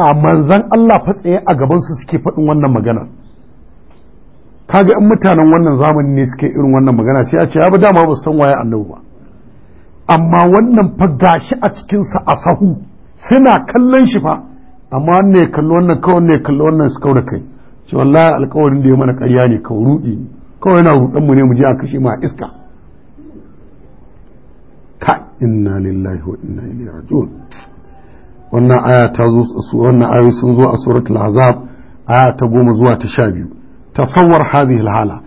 a manzan Allah fatsaye a gabansu suke faɗin wannan magana kaga in mutanen wannan zamani ne suke irin wannan magana sai a ce ya ba dama ba san waye annabi ba amma wannan fa gashi a cikinsa a sahu suna kallon shi fa amma ne kallo wannan kawai ne kallo wannan su da kai ce wallahi alƙawarin da ya mana ƙarya ne kawai ruɗi kawai yana rudan mu ne mu je a kashe mu a iska ka inna lillahi wa inna ilaihi raji'un wannan aya ta zo wannan ayoyi sun zo a suratul azab aya ta goma zuwa ta sha biyu tasawwar hadhihi hala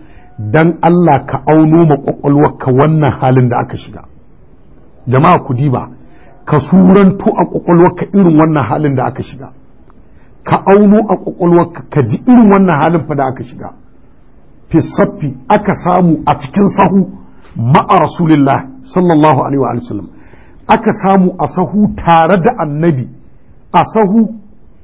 dan Allah ka auno ma ka wannan halin da aka shiga jama'a ku diba ka suranto a kwakwalwarka irin wannan halin da aka shiga ka auno a kwakwalwarka ka ji irin wannan halin fa da aka shiga fi saffi aka samu a cikin sahu ma'a rasulillah sallallahu alaihi wa sallam aka samu a sahu tare da annabi a sahu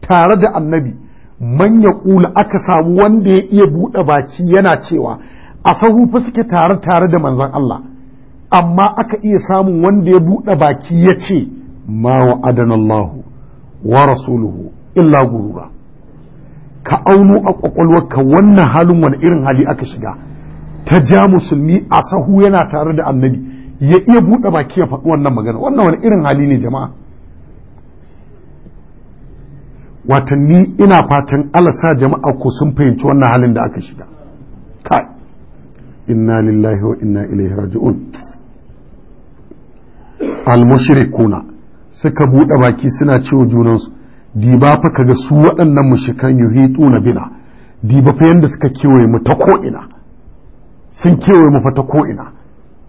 tare da annabi manya kula ƙula aka samu wanda ya iya buɗe baki yana cewa a sahu fa suke tare tare da manzon Allah amma aka iya samun wanda ya buɗe baki ya ce ma wa adanallahu wa rasuluhu illa gurura ka auno a ka wannan halin wani irin hali aka shiga ta ja musulmi a sahu yana tare da annabi ya iya buɗe baki ya faɗi wannan magana wannan wani irin hali ne jama'a watanni ina fatan alasa jama'a ko sun fahimci wannan halin da aka shiga kai inna lillahi wa inna ilaihi raji'un al-mushrikuna suka buɗe baki suna cewa junansu diba fa kaga su waɗannan mushikan yuhituna bina diba fa yanda suka kewaye mu ta ko ina sun kewaye mu fa ta ko ina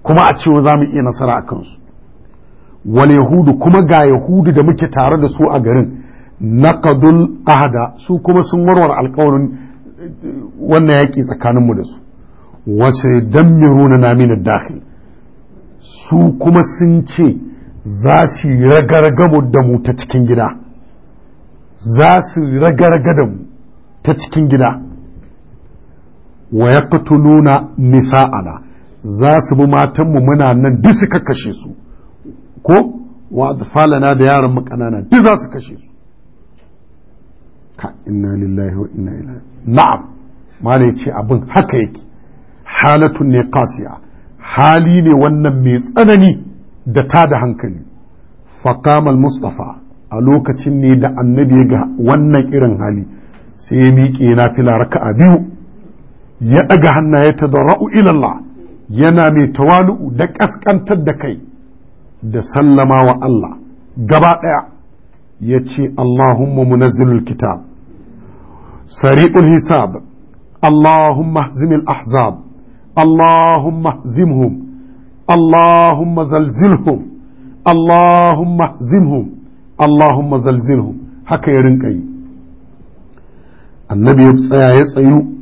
kuma a cewa za mu iya nasara a kansu wal yahudu kuma ga yahudu da muke tare da su a garin naqadul ahada su kuma sun warware alƙawarin wannan yaƙi tsakaninmu da su wace dammiruna na min dakhil su kuma sun ce za su ragargamu da mu ta cikin gida za su ragarga da mu ta cikin gida wa nisa'ana za su bi matanmu muna nan duk su kashe su ko wa falana da yaran mu kanana duk za su kashe su ka inna lillahi wa inna ilaihi na'am malai ce abin haka yake halatun ne qasiya hali ne wannan mai tsanani da ta da hankali faqamal mustafa a lokacin ne da annabi ga wannan irin hali sai ya miƙe na fila raka'a biyu ya ɗaga hannaye ta da ra'u ilallah yana mai tawalu'u da ƙasƙantar da kai da sallama wa Allah gaba ɗaya ya ce Allahumma munazzilul kitab sari'ul hisab Allahumma zimil ahzab Allahumma zimhum Allahumma zalzilhum Allahumma zimhum Allahumma zalzilhum haka ya rinka yi annabi ya tsaya ya tsayu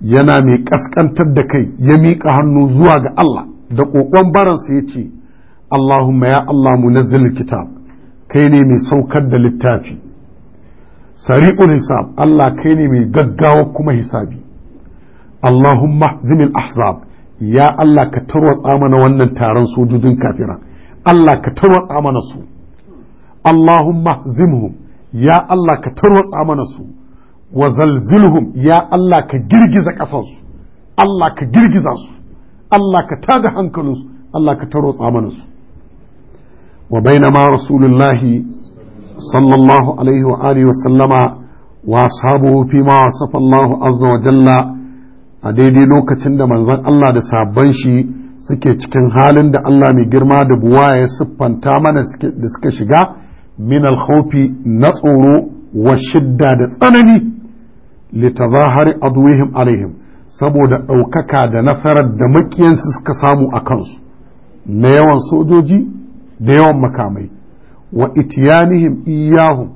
yana mai kaskantar da kai ya miƙa hannu zuwa ga Allah da ƙoƙon baransa ya ce Allahumma ya Allah munazzil kitab kai ne mai saukar da littafi sari'ul hisab Allah kai ne mai gaggawa kuma hisabi Allahumma zimil ahzab ya Allah ka tarwatsa mana wannan taron sojojin kafira Allah ka tarwatsa mana su Allahumma zimhum ya Allah ka tarwatsa mana su wa zalzilhum ya Allah ka girgiza ƙasarsu Allah ka girgiza su Allah ka tada hankalinsu Allah ka taro tsamaninsu wa bainama rasulullahi sallallahu alaihi wa alihi wa sallama wa ashabuhu fi ma wasafa Allah azza wa jalla a daidai lokacin da manzon Allah da sabban shi suke cikin halin da Allah mai girma da buwa ya siffanta mana da suka shiga min alkhawfi na tsoro wa shidda da tsanani litazahari adwihim alaihim saboda ɗaukaka da nasarar da makiyansu suka samu a kansu na yawan sojoji da yawan makamai wa itiyanihim iyahu,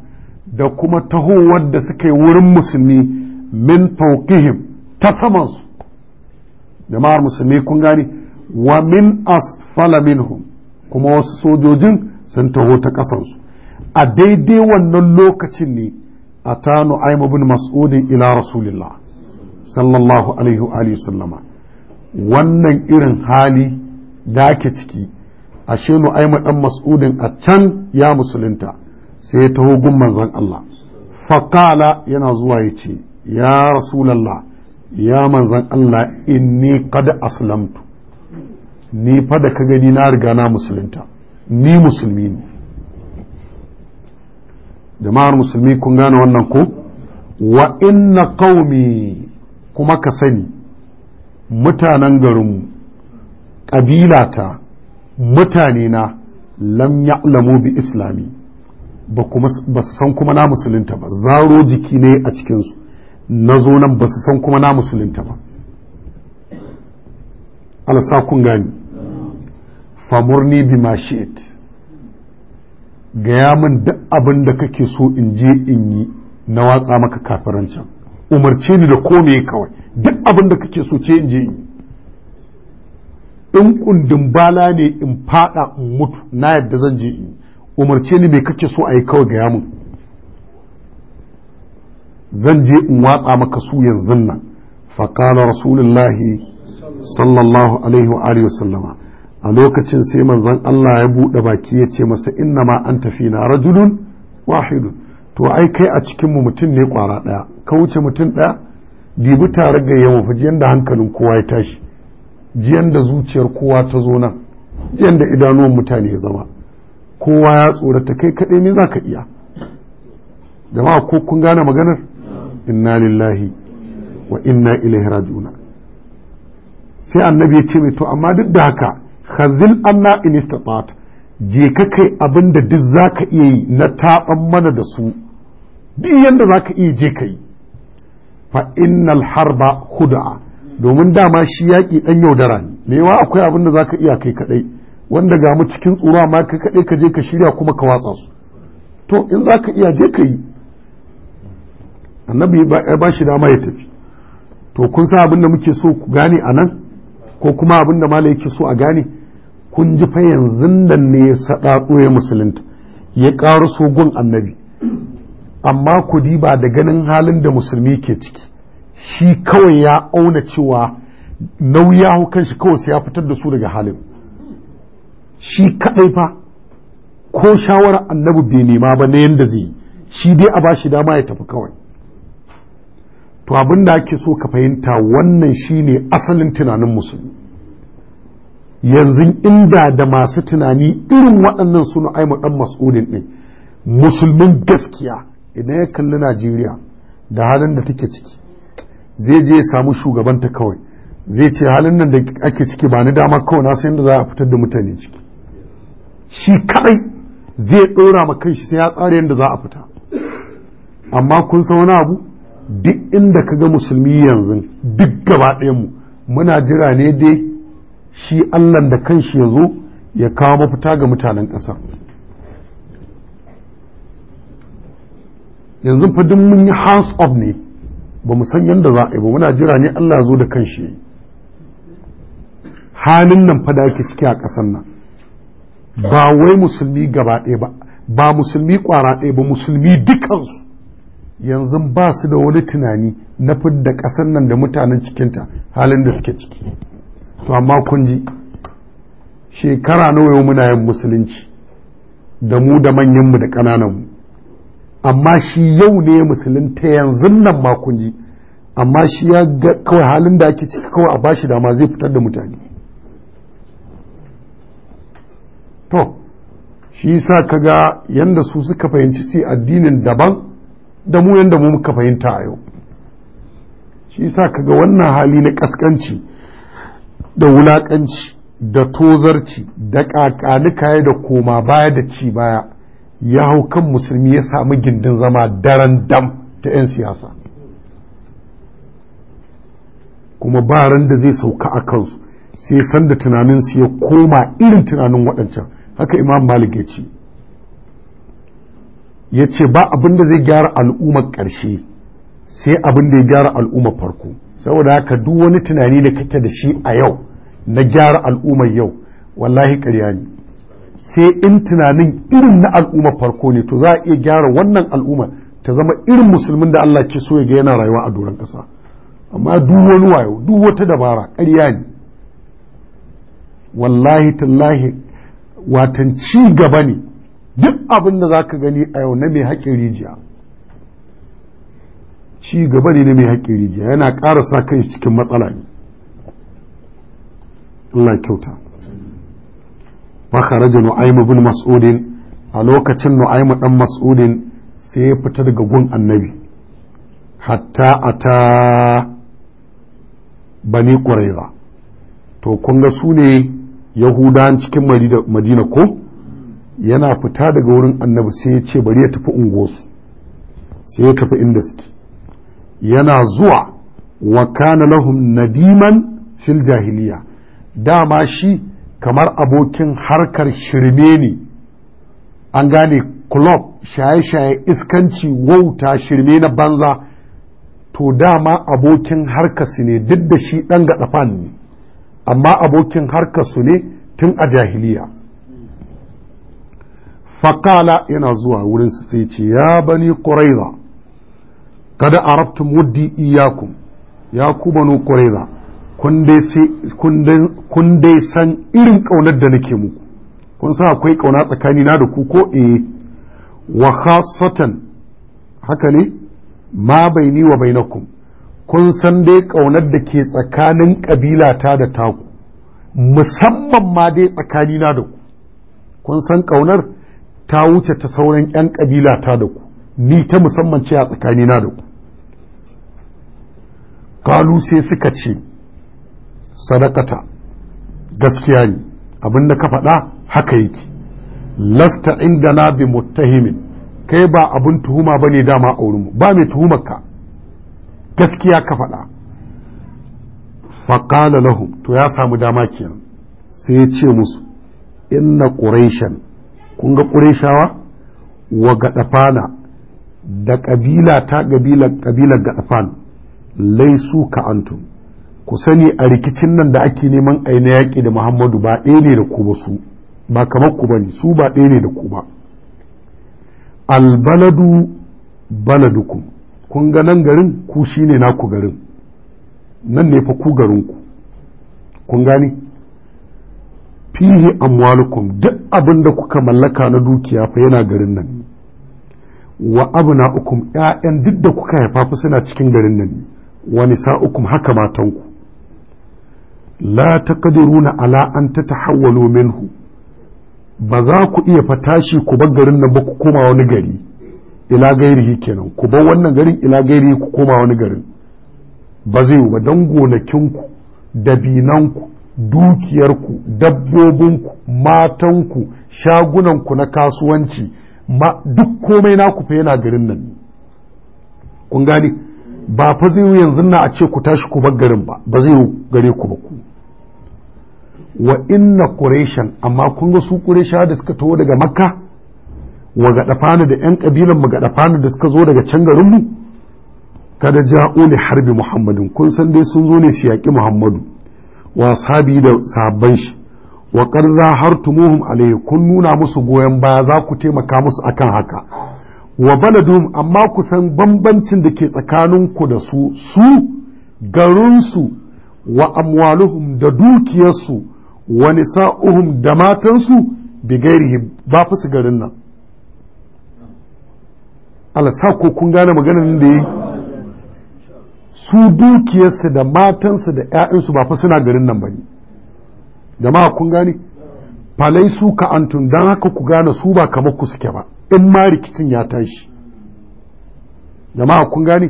da kuma tahowar da suka yi wurin musulmi min fauqihim ta samansu jama'ar musulmi kun gani wa min asfala minhum kuma wasu sojojin sun taho ta kasansu a daidai wannan lokacin ne أتى نعيم بن مسعود إلى رسول الله صلى الله عليه وآله wannan irin hali da ke ciki ashe nu'aima dan mas'udin a can ya musulunta sai ya taho manzon Allah Faƙala yana zuwa yace ya rasulullah ya manzon Allah in inni kada aslamtu ni fa da ka gani na riga na musulunta ni musulmi ne jama'ar musulmi kun gane wannan ko wa inna qaumi kuma ka sani mutanen garinmu ƙabilata mutane na lam ya'lamu bi islami ba kuma ba su san kuma na musulunta ba zaro jiki ne a cikinsu na zo nan ba su san kuma na musulunta ba alasa kun gani famurni bi mashi'it gaya min duk abin da kake so in je in yi na watsa maka kafirancin umarce ni da kome kawai duk abin da kake so ce in je in yi in kundin bala ne in fada in mutu na yadda zan je in umarce ni mai kake so a yi kawai gaya min zan je in watsa maka su yanzu nan faƙalar rasulullahi sallallahu alaihi wa sallama a lokacin sai manzon Allah ya buɗe baki ya ce masa inna ma an tafi na rajulun wahidun to ai kai a cikin mu mutum ne kwara ɗaya ka wuce mutum ɗaya dibi tare ga yawa fa jiyan da hankalin kowa ya tashi jiyan da zuciyar kowa ta zo nan jiyan da idanuwan mutane ya zama kowa ya tsorata kai kaɗai ne za ka iya jama'a ko kun gane maganar inna lillahi wa inna ilaihi raji'una sai annabi ya ce mai to amma duk da haka khazil anna in istata je ka kai abin da duk zaka iya yi na taɓan mana da su duk yanda zaka iya je kai fa innal harba huda'a domin dama shi yaƙi ɗan yaudara ne yawa akwai abin da zaka iya kai kaɗai wanda ga mu cikin tsura ma kai kaɗai ka je ka shirya kuma ka watsa su to in zaka iya je ka yi annabi ya ba shi dama ya tafi to kun sa abin da muke so ku gane a nan ko kuma abin da mala yake so a gane kun ji fa yanzu nan ne ya saɗa ya musulunta ya ƙaru sogon annabi amma ku diba da ganin halin da musulmi ke ciki shi kawai ya auna cewa nauyi ya kanshi kawai ya fitar da su daga halin shi kaɗai fa ko shawarar annabi bai nema ba na yadda zai yi shi dai a ba shi dama ya tafi kawai to abin da ake so ka fahimta wannan shine asalin tunanin musulmi yanzu inda da masu tunani irin waɗannan suna aima ɗan mas'udin ɗin musulmin gaskiya idan ya kalli najeriya da halin da take ciki zai je ya samu shugabanta kawai zai ce halin nan da ake ciki ba ni dama kawai na san da za a fitar da mutane ciki shi kadai zai ɗora ma kanshi sai ya tsara yadda za a fita amma kun san wani abu duk inda ka ga musulmi yanzu duk gaba mu muna jira ne dai shi allah da kanshi ya zo ya kawo mafita ga mutanen ƙasa. yanzu fa duk mun yi hands off ne ba mu san yadda za a yi ba muna jira ne allah ya zo da kanshi halin nan fa da yake ciki a ƙasar nan ba wai musulmi gaba ɗaya ba ba musulmi ƙwara ɗaya ba musulmi dukansu yanzu ba su da wani tunani na fidda ƙasar nan da mutanen cikinta halin da suke ciki to amma kun ji shekara nawa yau muna yin musulunci da mu da manyanmu da ƙanananmu amma shi yau ne musulunta yanzu nan ma kun ji amma shi ya ga kawai halin da ake cika kawai a bashi dama zai fitar da mutane to shi sa kaga yanda su suka fahimci sai addinin daban da mu yanda mu muka fahimta a yau shi sa ga wannan hali na kaskanci da wulaƙanci da tozarci da ƙaƙanukaye da koma baya da ci baya ya hau kan musulmi ya samu gindin zama daren dam ta 'yan siyasa kuma ba ran da zai sauka a kansu sai san da tunaninsu ya koma irin tunanin waɗancan haka imam malik ya ce ya ce ba abin da zai gyara al'ummar ƙarshe sai abin da ya gyara al'ummar farko saboda haka duk wani tunani da kake da shi a yau na gyara al'ummar yau wallahi karya ne sai in tunanin irin na al'ummar farko ne to za a iya gyara wannan al'ummar ta zama irin musulmin da Allah ke so ya ga yana rayuwa a doron ƙasa amma duk wani wayo duk wata dabara karya ne wallahi tallahi watan ci gaba ne duk abin da za gani a yau na mai haƙin rijiya ci gaba ne na mai haƙin rijiya yana ƙara sa kai cikin matsala ne Allah kyauta wa kharaja nu'aym ibn mas'ud a lokacin nu'aym dan mas'udin sai ya fita daga gun annabi hatta ata bani quraiza to kun ga su ne yahudan cikin madina ko yana fita daga wurin annabi sai ya ce bari ya tafi unguwarsu sai ya tafi inda suke yana zuwa wa kana lahum nadiman fil jahiliya dama shi kamar abokin harkar shirme ne an gane kulob shaye-shaye iskanci wauta shirme na banza to dama abokin harkarsu ne duk da shi ɗan ga ɗafan ne amma abokin harkarsu ne tun a jahiliya Fakala yana zuwa wurin su sai ce ya bani ƙuraiza kada arabtum wuddi iyakun, ya ku banu ƙuraiza kun dai san irin ƙaunar da nake muku kun san akwai ƙauna tsakani na da ku ko eh wa khasatan haka ne ma baini wa bainakum kun san dai ƙaunar da ke tsakanin ƙabilata da taku musamman ma dai tsakani na da ku kun san ƙaunar ta wuce ta sauran 'yan ƙabilata da ku ni ta musamman ce a tsakani na da ku kalu sai suka ce sadakata gaskiya ne abin da ka faɗa haka yake lasta inda na bi muttahimin kai ba abin tuhuma ba ne dama a wurinmu ba mai tuhumar ka gaskiya ka faɗa faƙala lahu to ya samu dama kenan sai ya ce musu inna ƙureshen kun ga ƙureshawa wa gaɗafana da ƙabila ta ƙabilar ƙabilar gaɗafan laisu ka antum ku sani a rikicin nan da ake neman a yaƙi da muhammadu ba ɗaya ne da ku ba su ba kamar ku ba ne su ba ɗaya ne da ku ba albaladu baladuku kun ga nan garin ku shi ne naku garin nan ne fa ku garinku kun gani fihi amwalukum duk abin da kuka mallaka na dukiya fa yana garin nan wa abna ukum ƴaƴan duk da kuka haifa fa suna cikin garin nan wa nisa'ukum haka matanku la taqdiruna ala an tatahawwalu minhu ba za ku iya fatashi ku bar garin nan ba ku koma wani gari ila gairihi kenan ku bar wannan garin ila gairihi ku koma wani garin ba zai ba don gonakinku dabinanku dukiyarku dabbobinku matanku shagunanku na kasuwanci ma duk komai naku fa yana garin nan kun gani ba fa zai yanzu na a ce ku tashi ku bar garin ba ba zai gare ku ba ku wa inna quraishan amma kun ga su quraisha da suka taho daga makka wa gadafanu da yan kabilan mu gadafanu da suka zo daga can garin mu kada ja'u li harbi muhammadin kun san dai sun zo ne su yaki muhammadu wa sahabi da sahabban shi wa qarra hartumuhum alayhi kun nuna musu goyon baya za ku taimaka musu akan haka wa baladum amma ku san bambancin da ke tsakanin ku da su su garinsu wa amwaluhum da dukiyarsu wani sa'uhum da matansu bigairihi ba fi garin nan alasa ko kun gane maganar da yi su dukiyarsu da matansu da 'ya'yansu ba fa suna garin nan ba ne jama'a kun gane falai su ka antun don haka ku gane su ba kamar ku suke ba in ma rikicin ya tashi jama'a kun gane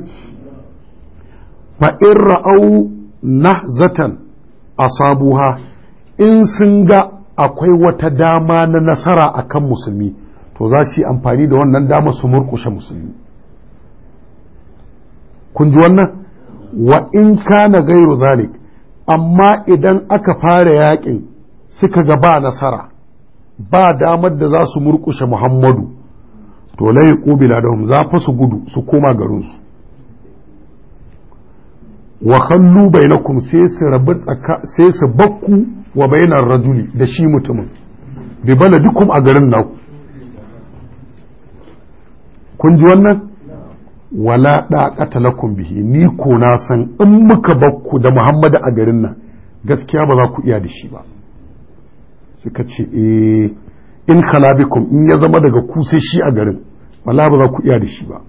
fa na zaton nahzatan asabuha in sun ga akwai wata dama na nasara akan musulmi to za su yi amfani da wannan dama su murkushe musulmi kun ji wannan wa in kana gairu zalik amma idan aka fara yakin suka ga ba nasara ba damar da za su murkushe muhammadu to laye ƙubila da za fa su gudu su koma garinsu wa kallu bainakum sai su rabu sai su bakku wa bainar rajuli da shi mutumin bi bala dukum a garin naku kun ji wannan wala da lakum bihi ni ko na san in muka bakku da Muhammadu a garin nan gaskiya ba za ku iya da ba suka ce eh in khalabikum in ya zama daga ku sai shi a garin wala ba za ku iya da ba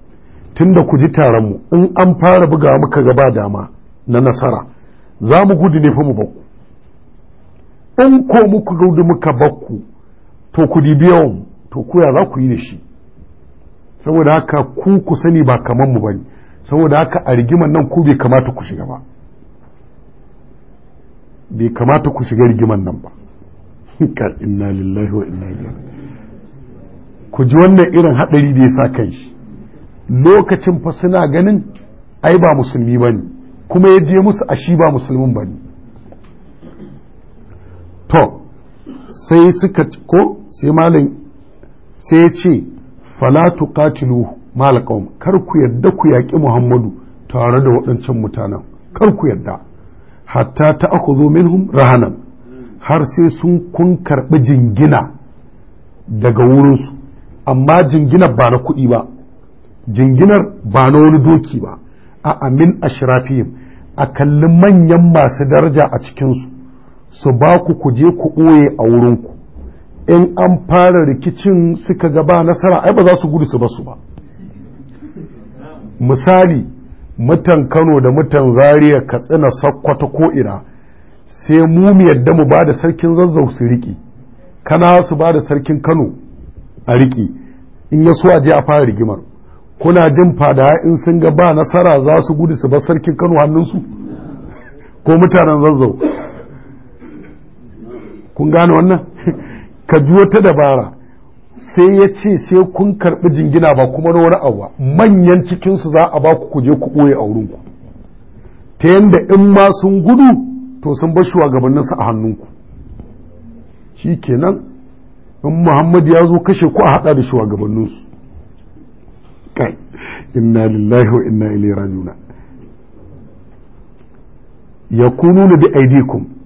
tunda ku ji taron mu in an fara buga muka gaba dama na nasara za mu gudu ne fa mu bakku in ko muku gaudu muka bakku to ku dibi to ku ya za ku yi da shi saboda haka ku ku sani ba kamar mu bane saboda haka a rigiman nan ku bai kamata ku shiga ba bai kamata ku shiga rigiman nan ba inna lillahi wa inna ilaihi ku ji wannan irin hadari da ya sa kan shi lokacin fa suna ganin ai ba musulmi bane kuma ya je musu ashi ba musulmin bane to sai suka ko sai malin sai ya ce falatu katilu malakawun kar ku yadda ku yaƙi muhammadu tare da waɗancan mutanen kar ku yadda hatta ta zo minhum rahanan har sai sun kun karɓi jingina daga wurinsu amma jinginar ba na kuɗi ba jinginar ba na wani doki ba a amin ashirafihim a kalli manyan masu daraja a cikinsu su ba ku ku je ku ɓoye a wurinku in an fara rikicin suka gaba nasara ai ba za su gudu su basu ba misali mutan kano da mutan zaria katsina sakkwata ko ina sai mu mu yadda mu ba da sarkin zazzau su riƙi kana su ba da sarkin kano a riƙi in ya so a je a fara rigimar kuna jin fada in sun ga ba nasara za su gudu su ba sarkin kano hannunsu ko mutanen zazzau kun gane wannan ka ji wata dabara sai ya ce sai kun karɓi jingina ba kuma na wani abu manyan cikinsu za a baku ku kuje ku ɓoye a wurinku ta yadda in ma sun gudu to sun bar shugabanninsu a hannunku shi kenan in muhammad ya zo kashe ku a haɗa da shugabanninsu kai inna lillahi wa inna ilaihi rajiuna yakununa bi aidikum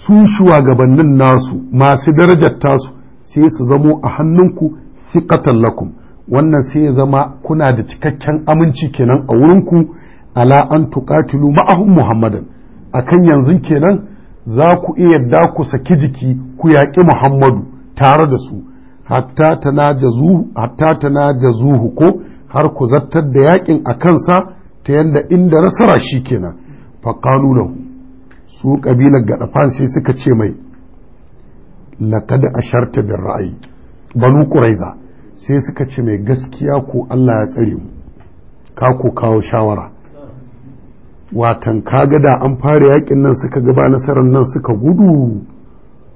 su shugabannin nasu masu darajar tasu sai su zamo a hannunku siqatan lakum wannan sai ya zama kuna da cikakken aminci kenan a wurinku ala an tuqatilu ma'ahum muhammadan akan yanzu kenan za ku iya da ku saki jiki ku yaƙi muhammadu tare da su hatta tana jazuhu ko har ku zartar da yaƙin a kansa ta yadda inda nasara shi kenan faƙalu lahu su kabilar gadafan sai suka ce mai laqad asharta bir ra'ayi banu quraiza sai suka ce mai gaskiya ko Allah ya tsare mu ka ko kawo shawara watan kaga da an fara yakin nan suka gaba nasarar nan suka gudu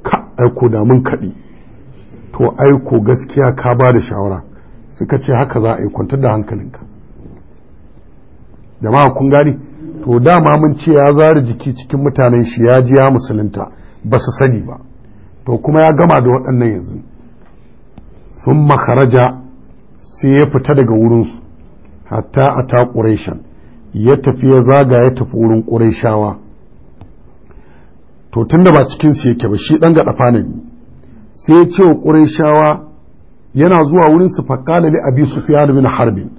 ka aiko da mun kaɗi to aiko gaskiya ka ba da shawara suka ce haka za a yi kwantar da hankalinka jama'a kun gani to dama mun ce ya zara jiki cikin mutanen shi ya ji ya musulunta ba su sani ba to kuma ya gama da waɗannan yanzu sun makaraja sai ya fita daga wurinsu hatta a ta ƙureshen ya tafi ya zaga ya tafi wurin ƙureshawa to tun da ba cikinsu yake ba shi ɗan ga ɗafa ne sai ya ce wa ƙureshawa yana zuwa wurin su faƙala su abi sufyan bin harbin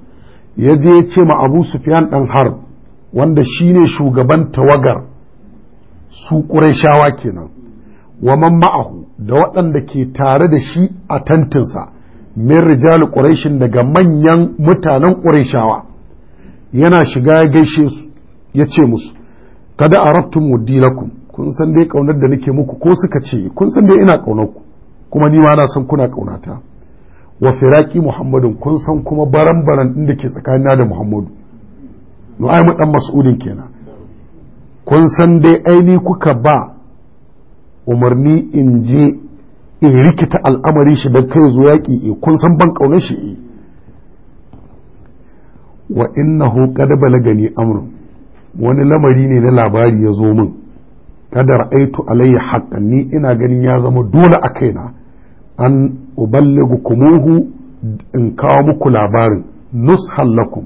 ya je ya ce ma abu sufyan ɗan harb wanda shi ne shugaban tawagar su shawa kenan waman ma'ahu da waɗanda ke tare da shi a tantinsa min rijal shi daga manyan mutanen shawa, yana shiga ya gaishe su ya ce musu kada a rabtun mudilakum kun san dai ƙaunar da nake muku ko suka ce kun san dai ina ƙaunar ku kuma ni ma na san kuna ƙaunata wa firaki muhammadun kun san kuma baran baran ɗin da ke tsakanina da muhammadu nu'aymu dan mas'udin kenan kun san dai aini kuka ba umarni in je in rikita al'amari shi da kai zuwa yaƙi eh, kun san ban ƙaunar shi eh. wa innahu qad balagani amru wani lamari ne na labari ya zo min kadar aitu alayhi haqqan ni ina ganin ya zama dole a kaina an uballigukumuhu kumuhu in kawo muku labarin nushan lakum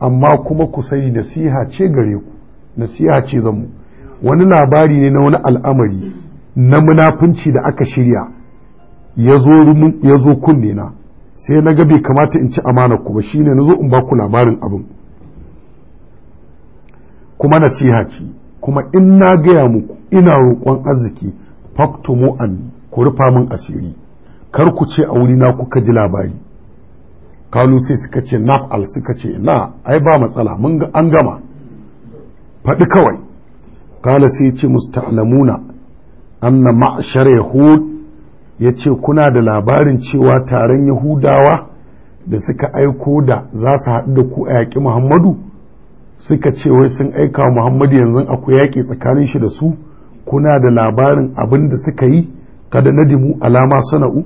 amma kuma ku sani nasiha ce gare ku nasiha ce zamu wani labari ne na wani al'amari na munafunci da aka shirya ya zo kunne na sai na ga bai kamata in ci amanar ku ba shine na zo in ba ku labarin abin kuma nasiha ce kuma in na gaya muku ina roƙon arziki faktumu an ku rufa min asiri kar ku ce a wurina kuka ji labari kalu sai suka ce naf'al suka ce na ai ba matsala mun an gama faɗi kawai kala sai ce musta'lamuna anna ma'shar yahud ce kuna da labarin cewa taron yahudawa da suka aiko da za su haɗu da ku a yaƙi muhammadu suka ce wai sun aika wa muhammadu yanzu akwai yaƙi tsakanin shi da su kuna da labarin abin da suka yi kada nadimu alama sana'u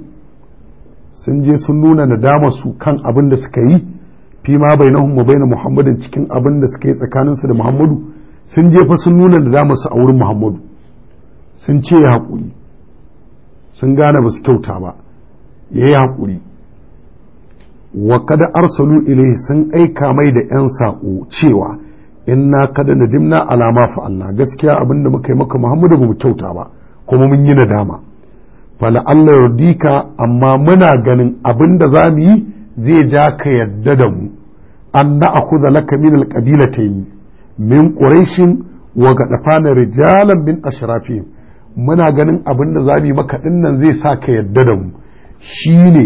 sun je sun nuna nadama su kan abin da suka yi fi ma bainahum bai na muhammadin cikin abin da suka yi tsakaninsu da muhammadu sun je fa sun nuna nadama su a wurin muhammadu sun ce ya hakuri sun gane ba su kyauta ba ya yi hakuri wa kada arsalu ilaihi sun aika mai da yan saƙo cewa in inna kada dimna alama fa'alla gaskiya abin da muka yi maka muhammadu ba mu kyauta ba kuma mun yi nadama fala Allah yardika amma muna ganin abin da za yi zai ja ka yadda da mu an na akuza laka min alqabilatayn min quraishin wa gadafana rijalan min ashrafi muna ganin abinda da za yi maka dinnan zai sa ka yadda da mu shine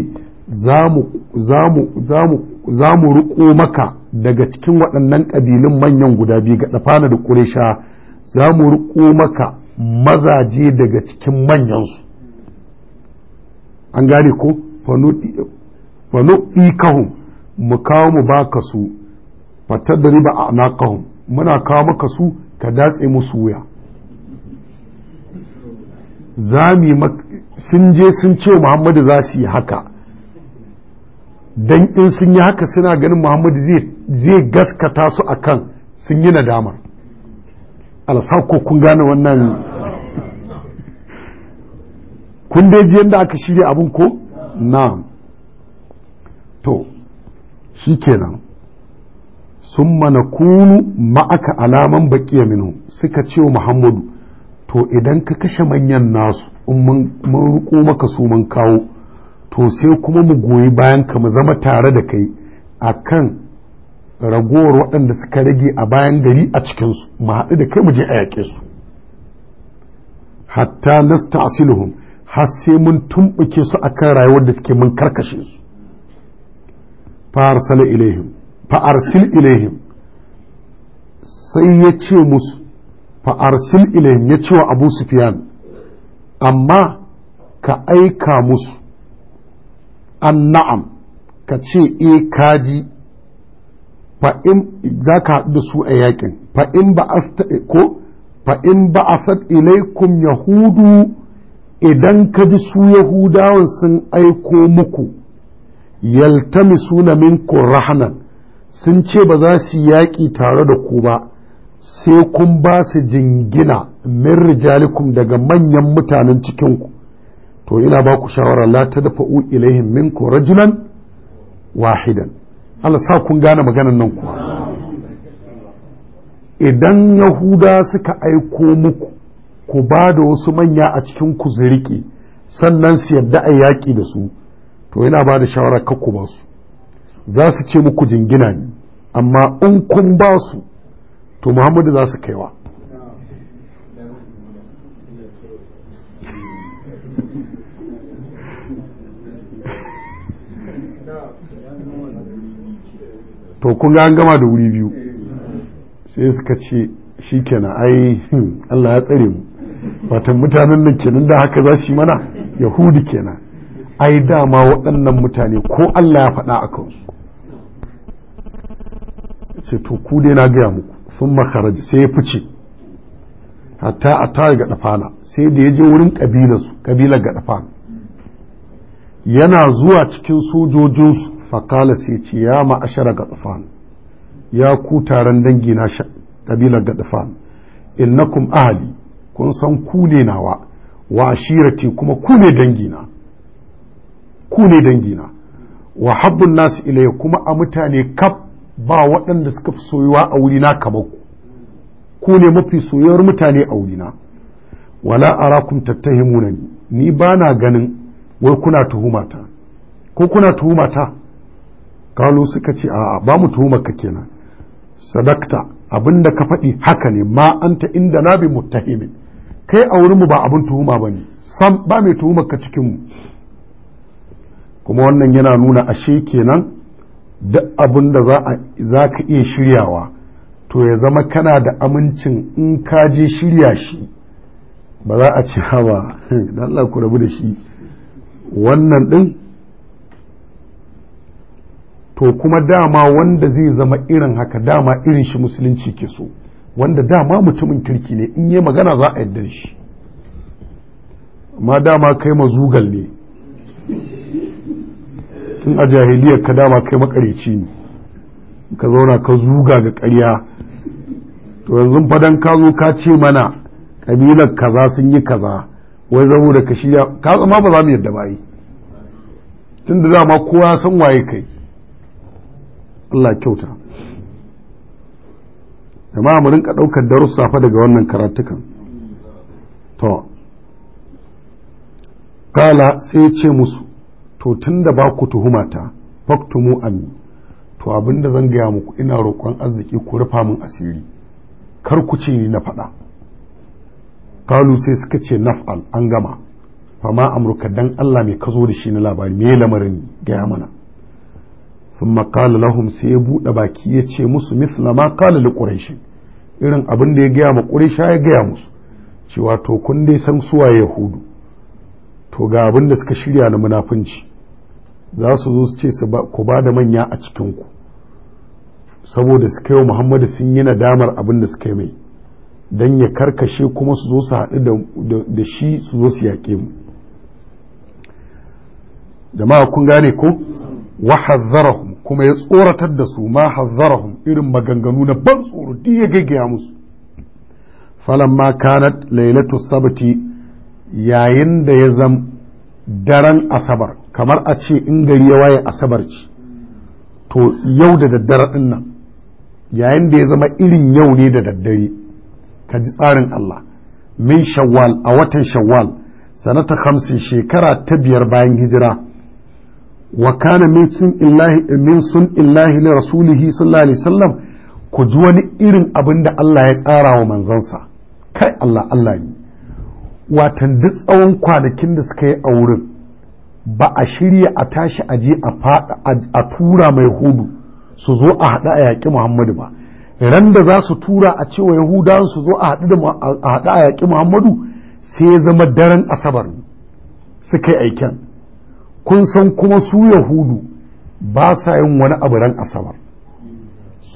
za mu riƙo maka daga cikin waɗannan ƙabilun manyan guda biyu ga ɗafana da ƙuresha za mu riƙo maka mazaje daga cikin manyansu an gane ko fanuɗi kahun mu kawo mu baka su fatar da riba a naƙahun muna kawo maka su ka datse musu wuya zami sun je sun ce muhammadu za su yi haka don in sun yi haka suna ganin muhammadu zai gaskata su akan sun yi nadamar alasa ko kun gane wannan kun dai ji yadda aka shirya abin ko na. to shi kenan sun mana kunu ma'aka alaman ya minu suka ce wa muhammadu to idan ka kashe manyan nasu in mun riko maka su mun kawo to sai kuma mu goyi bayan ka mu zama tare da kai a kan ragowar waɗanda suka rage a bayan gari a cikinsu mu haɗu da kai mu je a yaƙe su hatta nasta asiluhum har sai mun tumbuke su kan rayuwar da suke mun karkashe su ilaihim fa'arsil ilaihim sai ya ce musu fa'arsil ilaihim ya ce wa abu sufiyan amma ka aika musu an na'am ka ce e kaji fa'in za ka haɗu da su a yakin fa'in ba ko fa'in ba a ilaikum yahudu idan ka ji su yahudawan sun aiko muku yaltami suna minkum Rahanan, sun ce ba za su yaƙi tare da ku ba sai kun ba su jingina min rijalikum daga manyan mutanen cikinku to ina ba ku shawara la ta dafa u ilaihim minku rajulan wahidan Allah sa kun gane maganan nan ku idan yahuda suka aiko muku ku ba da wasu manya a cikin ku sannan su yadda a yaƙi da su to yana ba da shawara kar ku ba su za su ce muku jingina ne amma in kun ba su to muhammadu za su kaiwa to kun an gama da wuri biyu sai suka ce shi kenan ai hmm, Allah ya tsare mu watan mutanen nan kenan da haka za su yi mana yahudi kenan ai dama waɗannan mutane ko Allah ya faɗa a kansu ce to ku dai na gaya muku sun makaraji sai ya fice hatta a tare ga ɗafana sai da ya je wurin ƙabilarsu ƙabilar ga ɗafana yana zuwa cikin sojojinsu fakala sai ce ya ma'ashara ga ɗafana ya ku taron dangi na ƙabilar ga ɗafana innakum ahali kun san ku ne nawa wa shirati kuma ku ne na ku ne dangina wa habbun nasu ilayya kuma a mutane kaf ba waɗanda suka fi soyuwa a wuri na kamar ku ku ne mafi soyuwar mutane a wuri na wala arakum tattahimuna ni ni ba na ganin wai kuna tuhumata ko kuna tuhumata kalu suka ce a'a ba mu ka kenan sadakta abinda ka faɗi haka ne ma anta inda na bi muttahimin kai a wurinmu ba abin tuhuma ba ne sam ba mai tuhumar ka cikinmu kuma wannan yana nuna ashe kenan duk abin da za ka iya shiryawa to ya zama kana da amincin in ka je shirya shi ba za a ci hawa da Allah ku rabu da shi wannan ɗin to kuma dama wanda zai zama irin haka dama irin shi musulunci ke so wanda dama mutumin kirki ne in yi magana za a yadda shi amma dama kai mazugal ne tun a jahiliyar ka dama kai makareci ne ka zauna ka zuga ga ƙarya to yanzu fadan ka zo ka ce mana kabilar kaza sun yi kaza wai zamo da ka ka zama ba za mu yadda ba yi tun da dama kowa san waye kai Allah kyauta jama'a mu rinka ɗaukar darussa fa daga wannan karatukan to kala sai ya ce musu to tunda da ba ku tuhumata faktumu ami to abinda zan gaya muku ina roƙon arziki ku rufa min asiri kar ku ce na faɗa kalu sai suka ce naf'al an gama fama amurka dan Allah mai kazo da shi na labari me lamarin gaya mana sun makala lahum sai ya buɗe baki ya ce musu misla ma ƙurashin. irin abin da ya gaya ma ƙurisha ya gaya musu cewa to kun dai san suwa yahudu to ga abin da suka shirya na munafunci za su zo su ce ku ba da manya a cikinku saboda suka yi muhammadu sun yi nadamar abin da suka yi mai don ya karkashe kuma su zo su haɗu da shi su zo su yaƙe mu jama'a kun gane ko wahazzarahu kuma ya tsoratar da su ma hazzarahum irin maganganu na ban tsoro duk ya gaggaya musu ma kanat lailatu sabti yayin da ya zam daren asabar kamar a ce in gari ya waye asabar ce to yau da daddare din nan yayin da ya zama irin yau ne da daddare ka ji tsarin Allah min shawwal a watan shawwal sanata hamsin shekara ta biyar bayan hijira wa sun Ilahi min sun rasulihi sallallahu alaihi wasallam ku ji wani irin abin da Allah ya tsara wa manzansa kai Allah Allah ne watan duk tsawon kwanakin da suka yi a wurin ba shirya a tashi a je a tura mai hudu su zo a haɗa a yaƙi Muhammadu ba ran da za su tura a cewa Yahudawa su zo a haɗu a yaƙi Muhammadu sai ya zama daren asabar suka yi aiken kun san kuma su yahudu ba sa yin wani abu ran asabar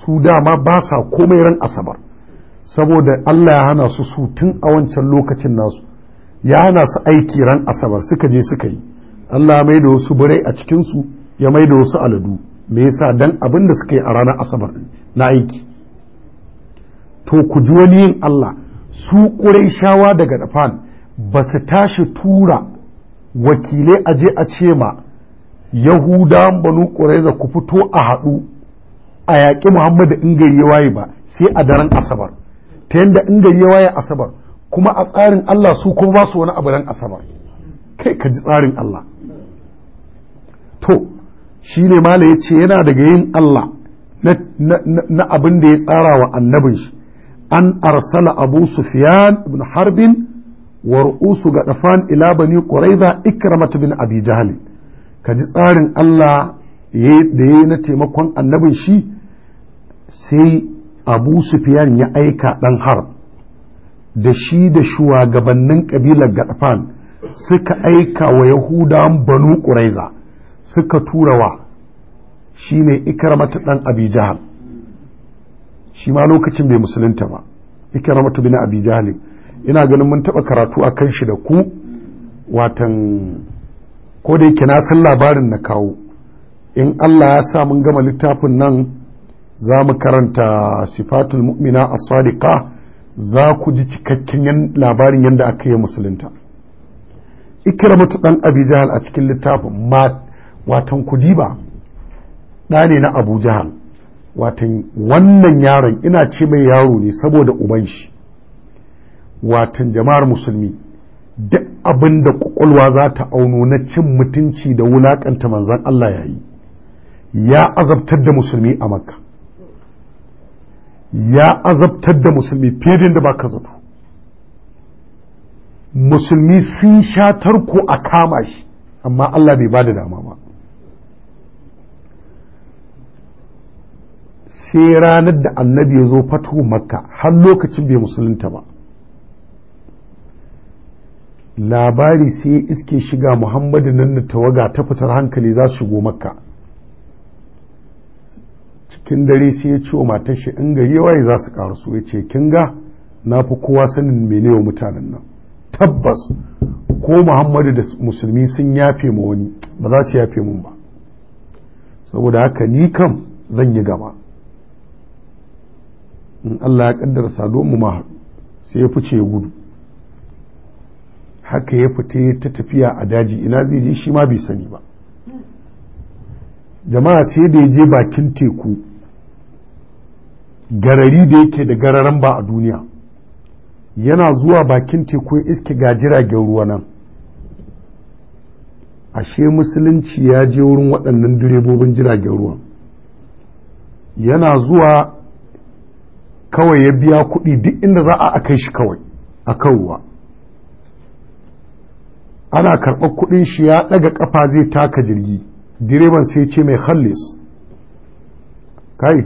su dama ba sa komai ran asabar saboda Allah ya hana su su tun a wancan lokacin nasu ya hana su aiki ran asabar suka je suka yi Allah ya maida wasu birai a cikinsu ya maida wasu aladu me yasa dan abin da suka yi a ranar asabar na aiki to ku ji wani yin Allah su ƙurai shawa daga dafan ba su tashi tura wakilai a je a ce ma Yahuda banu ƙuraiza ku fito a haɗu a yaƙi Muhammad da ingari ya waye ba sai a daren asabar ta yadda ingari ya waye asabar kuma a tsarin allah su kuma ba su wani abu ran asabar kai ka ji tsarin allah to shi ne mala ya ce yana daga yin allah na abin da ya tsara wa annabin shi an arsala abu Sufiyan ibn harbin warusu ru'usu ga dafan ila bani quraiza ikramat bin abi jahl ka ji tsarin Allah da yayi na taimakon annabin shi sai abu sufyan ya aika dan har da shi da shugabannin kabilar gadfan suka aika wa yahudan banu quraiza suka tura wa shine ikramata dan abi jahal shi ma lokacin bai musulunta ba ikramatu bin abi ina ganin mun taɓa karatu a kan shi da ku watan ko da yake na san labarin na kawo in Allah ya sa mun gama littafin nan za mu karanta sifatul mu'mina a sadiqa za ku ji cikakken labarin yadda aka yi musulunta ta ɗan abi jahal a cikin littafin ma watan kudiba ɗa na abu jahal watan wannan yaron ina ce mai yaro ne saboda uban shi watan jama'ar musulmi duk abin da kwakwalwa za ta auno na cin mutunci da wulakanta manzan Allah ya yi ya azabtar da musulmi a makka ya azabtar da musulmi fiye da ba ka zato musulmi sun sha tarko a kama shi amma Allah bai ba da dama ba sai ranar da annabi ya zo fato makka har lokacin bai musulunta ba labari sai iske shiga muhammadu nan na tawaga ta fitar hankali za su shigo makka cikin dare sai ya ce wa matar shi in gari waye za su karu su ya ce kin ga na fi kowa sanin mene wa mutanen nan tabbas ko muhammadu da musulmi sun yafe ma wani ba za su yafe mun ba saboda haka ni kam zan yi gaba in allah ya kaddara mu ma sai ya fice ya gudu haka ya fita ta tafiya a daji ina zai je shi ma bai sani ba jama'a sai da ya je bakin teku garari da yake da gararan ba a duniya yana zuwa bakin teku ya iske ga jiragen ruwa nan ashe musulunci ya je wurin waɗannan direbobin jiragen ruwa yana zuwa kawai ya biya kuɗi duk inda za a kai shi kawai a kan ruwa ana karɓar kuɗin shi ya ɗaga ƙafa zai taka jirgi direban sai ce mai hallis kai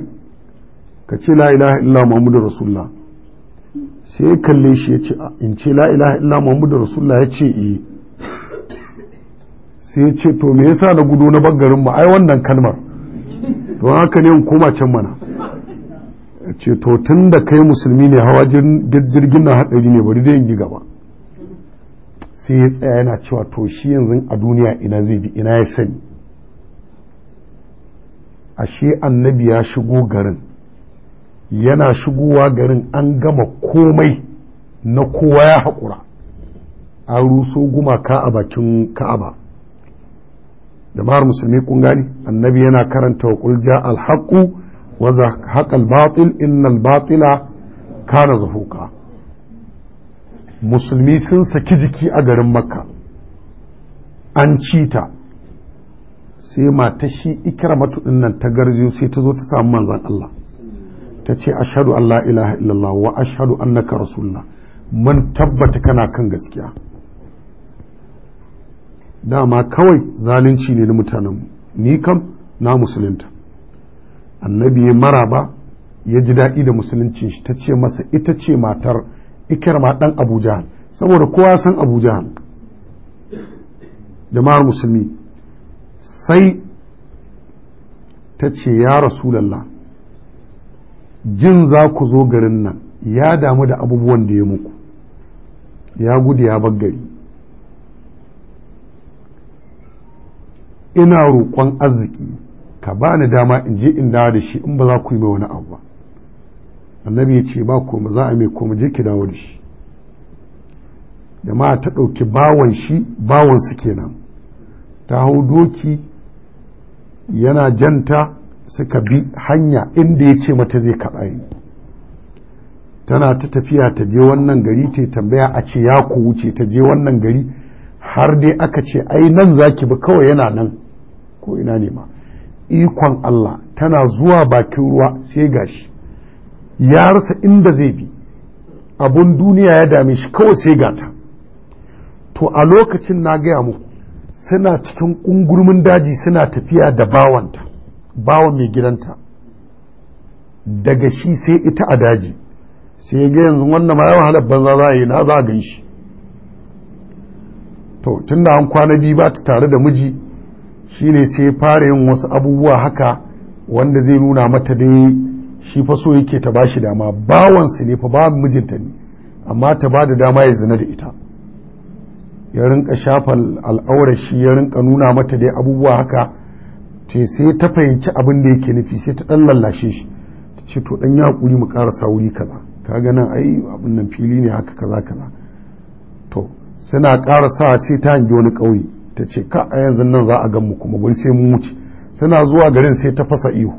ka ce la ilaha illa muhammadu rasulullah sai kalle shi ya ce in ce la ilaha illa muhammadu rasulullah ya ce eh sai ya ce to me yasa na gudu na bangaren mu ai wannan kalmar to haka ne in koma can mana ce to tun da kai musulmi ne hawa jirgin na haɗari ne bari dai in yi gaba sai ya tsaya yana cewa to shi yanzu a duniya ina zai bi ina ya sani ashe annabi ya shigo garin yana shigowa garin an gama komai na kowa ya haƙura an ruso gumaka a bakin ka'aba jama'ar musulmi kun gani annabi yana karanta wa ƙulja alhaƙu wa haƙal batil innal batila kana zahuka musulmi sun saki jiki a garin makka an ci ta sai mata shi ikramatu din nan ta garzo sai ta zo ta samu manzan Allah ta ce ashhadu Allah ilaha illallah wa ashhadu annaka rasulullah mun tabbata kana kan gaskiya dama kawai zalunci ne na mutanenmu ni kam na musulunta annabi ya maraba ya ji daɗi da musuluncin shi ta ce masa ita ce matar ikirma dan abuja saboda kowa san abuja jama'ar musulmi sai ta ce ya rasulallah jin za ku zo garin nan ya damu da abubuwan da ya muku ya gudu ya gari ina roƙon arziki ka bani dama in je in dawo da shi in ba za ku yi mai wani abu ba annabi ya ce ba za a mai koma je ki dawo da shi jama'a ta ɗauki bawon shi bawon su kenan ta hau doki yana janta suka bi hanya inda ya ce mata zai kaɗa yi tana ta tafiya ta je wannan gari ta tambaya a ce ya ku wuce ta je wannan gari har dai aka ce ai nan za ki bi kawai yana nan ko ina ne ma ikon Allah tana zuwa bakin ruwa sai gashi ya rasa inda zai bi abun duniya ya dame shi kawai sai gata to a lokacin na gaya muku suna cikin ƙungurmin daji suna tafiya da bawanta bawan mai gidanta daga shi sai ita a daji sai ya ga yanzu wannan ma yawan halar banza za a yi na za a gan shi to tun da an kwana biyu ba ta tare da miji shine sai fara yin wasu abubuwa haka wanda zai nuna mata dai shi fa so yake ta bashi dama bawansu ne fa ba mijinta ne amma ta ba da dama ya zina da ita ya rinka shafa al'aurar shi ya rinka nuna mata dai abubuwa haka ce sai ta fahimci abin da yake nufi sai ta dan lallashe shi ta ce to dan ya hakuri mu karasa wuri kaza kaga nan ai abin nan fili ne haka kaza kaza to suna karasa sai ta hangi wani ƙauye ta ce ka a yanzu nan za a gan mu kuma bari sai mu wuce suna zuwa garin sai ta fasa ihu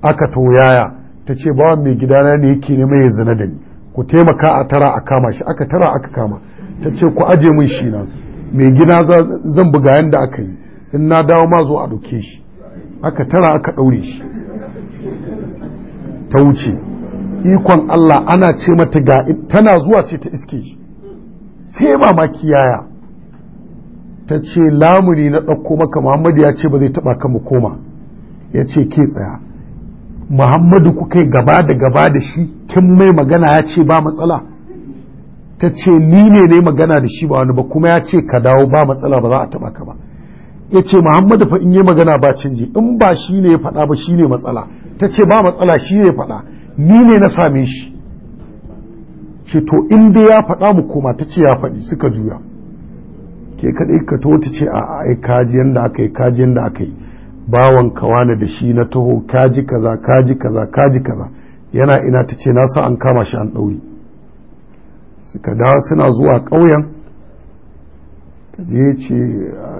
aka to yaya ta ce bawan mai gidana ne yake ne mai zina da ni ku taimaka a tara a kama shi aka tara aka kama ta ce ku aje min shi na mai gina zan buga yanda aka yi in na dawo ma zo a ɗauke shi aka tara aka ɗaure shi ta wuce ikon Allah ana ce mata ga tana zuwa sai ta iske shi sai mamaki yaya ta ce lamuni na ɗauko maka Muhammadu ya ce ba zai taɓa ka mu koma ya ce ke tsaya muhammadu kuka yi gaba da gaba da shi kin mai magana ya ce ba matsala ta ce ni ne ne magana da shi ba wani ba kuma ya ce ka dawo ba matsala ba za a taba ka ba ya ce muhammadu fa in yi magana ba canji in ba shi ne ya faɗa ba shi ne matsala ta ce ba matsala shi ne ya faɗa ni ne na same shi ce to in dai ya faɗa mu koma ta ce ya faɗi suka juya ke kaɗai ka to ta ce a ai kaji yanda aka yi kaji yanda aka yi bawan kawana da shi na taho kaji kaza kaji kaza kaji kaza yana ina ta ce nasa an kama shi an ɗauri suka dawo suna zuwa ƙauyen ta je ce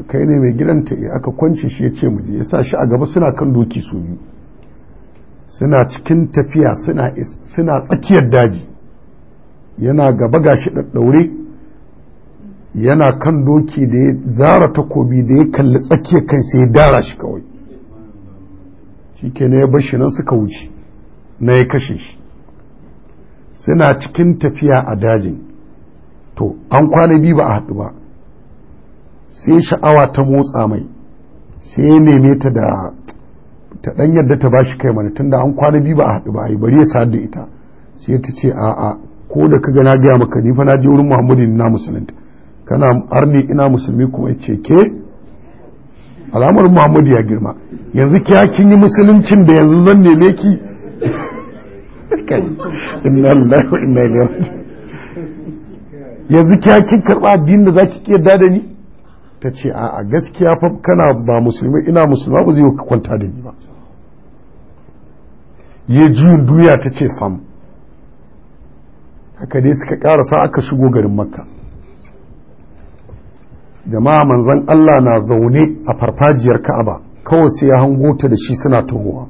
kai ne mai gidanta ya eh, aka kwance shi ya ce mu ya sa shi a gaba suna kan doki su biyu suna cikin tafiya suna tsakiyar daji yana gaba gashi ɗaɗɗaure yana kan doki da ya zara takobi da ya kalli tsakiyar kai sai ya dara shi kawai shi ke ya bar shi nan suka wuce na ya kashe shi suna cikin tafiya a dajin to an kwana biyu ba a haɗu ba sai sha'awa ta motsa mai sai ya neme ta da ta ɗan yadda ta bashi kai mana tunda an kwana biyu ba a haɗu ba a yi bari ya da ita sai ta ce a'a ko da kaga na gaya maka ni fa na je wurin muhammadu na musulunta kana arni ina musulmi kuma ya ce ke Alamar muhammadu ya girma yanzu kya yi musuluncin da yanzu zan neme ki yanzu kya kin karɓa addinin da za ki ke da ni ta ce a gaskiya fa kana ba musulmi ina musulma ba zai kwanta da ni ba ya juyin duniya ta ce sam haka dai suka karasa aka shigo garin makka jama'a manzon Allah na zaune a farfajiyar Ka'aba kawai sai ya hango ta da shi suna tahowa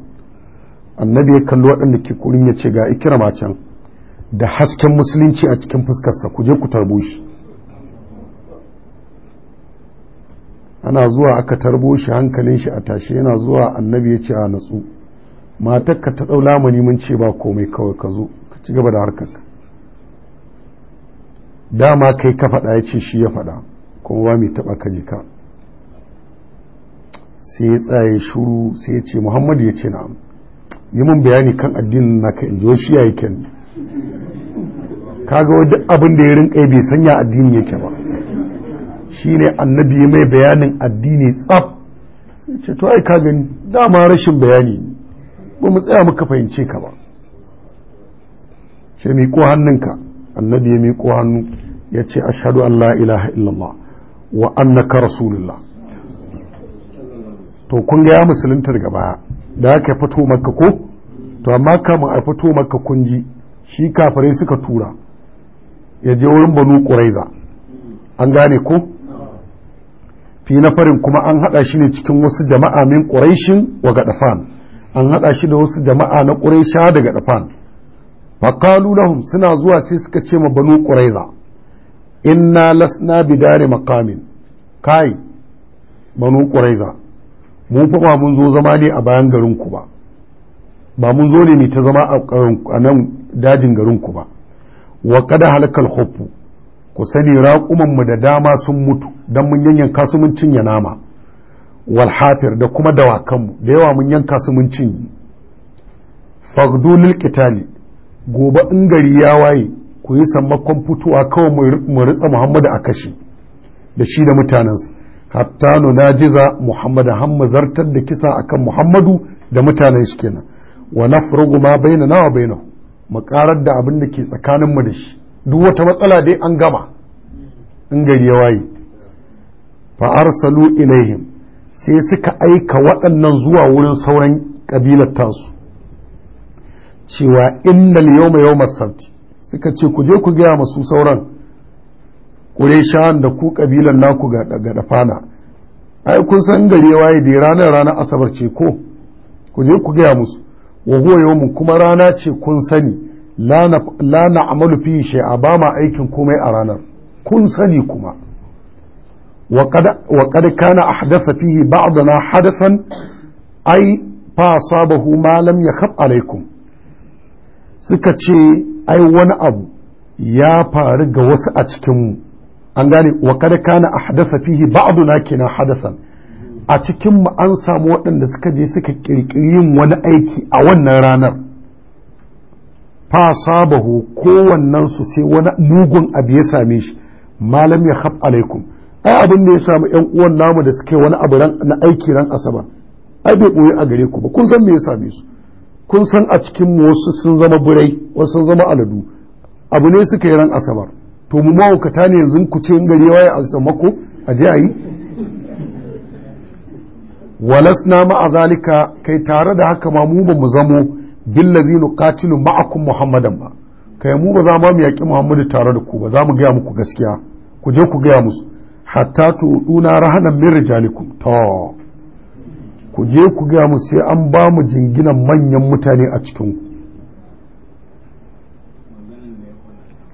annabi ya kalli waɗanda ke kurin ya ce ga ikirama can da hasken musulunci a cikin fuskarsa ku je ku tarbo shi ana zuwa aka tarbo shi hankalin shi a tashe yana zuwa annabi ya ce a natsu ka ta ɗau mani mun ce ba komai kawai ka zo ka ci gaba da harkar dama kai ka faɗa ya ce shi ya faɗa kuma mai taba ka ka sai ya tsaye shuru sai ya ce muhammadu ya ce na'am yi mun bayani kan addinin naka in shi ya yi kyan kaga wadda abin da ya rinka bai sanya addini yake ba shi ne annabi ya mai bayanin addini tsaf sai ce to ai ka gani dama rashin bayani ba mu tsaya muka fahimce ka ba ce ko hannunka annabi ya miƙo hannu ya ce ashadu an la ilaha illallah wa annaka rasulullah to kun ga ya musulunta daga baya da aka fito maka ko to amma kamun a fito maka kun ji shi kafirai suka tura ya je wurin banu quraiza an gane ko fi na farin kuma an haɗa shi ne cikin wasu jama'a min quraishin wa gadafan an haɗa shi da wasu jama'a na ƙuraisha da gaɗafan faƙalu lahum suna zuwa sai suka ce ma banu quraiza inna lasna bidari makamin kai banu ƙuraiza mu fa ba mun zo zama ne a bayan garin ku ba ba mun zo ne mai ta zama a nan dajin garin ku ba wa kada halakal hoppu ku sani raƙumanmu da dama sun mutu don mun yanyan su mun cinye nama wal hafir da kuma dawakanmu da yawa mun yanka su mun cinye fagdulil qitali gobe in gari ya waye ku yi sammakon fitowa kawai mu ritsa muhammadu a kashi da shi da mutanensa hatta jiza muhammadu hamma zartar da kisa akan muhammadu da mutanen shi kenan wa nafrugu ma baina nawa baina mu karar da abin da ke tsakanin mu da shi duk wata matsala dai an gama in gari ya waye fa arsalu ilaihim sai suka aika waɗannan zuwa wurin sauran kabilar tasu cewa innal yawma yawmas sabti suka ce ku je ku gaya masu sauran ƙureshawan da ku ƙabilan naku ga dafana ai kun san gari waye da ranar ranar asabar ce ko ku je ku gaya musu wa yawmun kuma rana ce kun sani la na amalu fi a ba ma aikin komai a ranar kun sani kuma wa qad kana ahdasa fihi ba'dana hadasan ai fa asabahu ma lam yakhab alaikum suka ce ai wani abu ya faru ga wasu a cikinmu an gane wa kada kana a hadasa fihi na kenan hadasan a cikin mu an samu waɗanda suka je suka ƙirƙirin yin wani aiki a wannan ranar fa fasabahu kowannen su sai wani mugun abu ya same shi malam ya haf alaikum ai abin da ya samu yan uwan namu da suke wani abu na aiki ran asaba ai bai koyi a gare ku ba kun san me ya same su kun san a cikin wasu sun zama birai wasu sun zama aladu abu ne suka yi ran asabar to mu mahaukata ne yanzu ku ce gari waye a samako a je a yi walasna ma'a zalika kai tare da haka ma mu ba mu zamo billazi nuqatilu ma'akum muhammadan ba kai mu ba za ma mu yaki muhammadu tare da ku ba za mu gaya muku gaskiya ku je ku gaya musu hatta tu duna rahanan min rijalikum to ku je ku ga mu sai an ba mu jinginan manyan mutane a cikin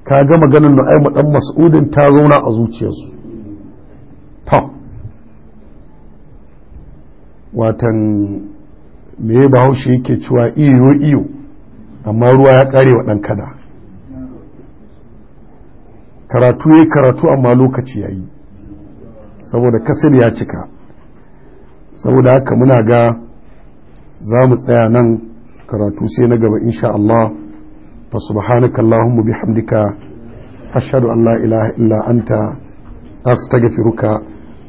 ka ga maganin da aimu dan mas'udin ta zauna a zuciyarsu ta watan me bahaushe yake cewa iyo iyo amma ruwa ya kare wa ɗan kada karatu ya karatu amma lokaci ya yi saboda kasir ya cika saboda haka muna ga za mu tsaya nan karatu sai na gaba insha Allah fa subhanaka allahumma bihamdika ashhadu an la ilaha illa anta astaghfiruka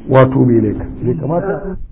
wa atubu ilayka bai kamata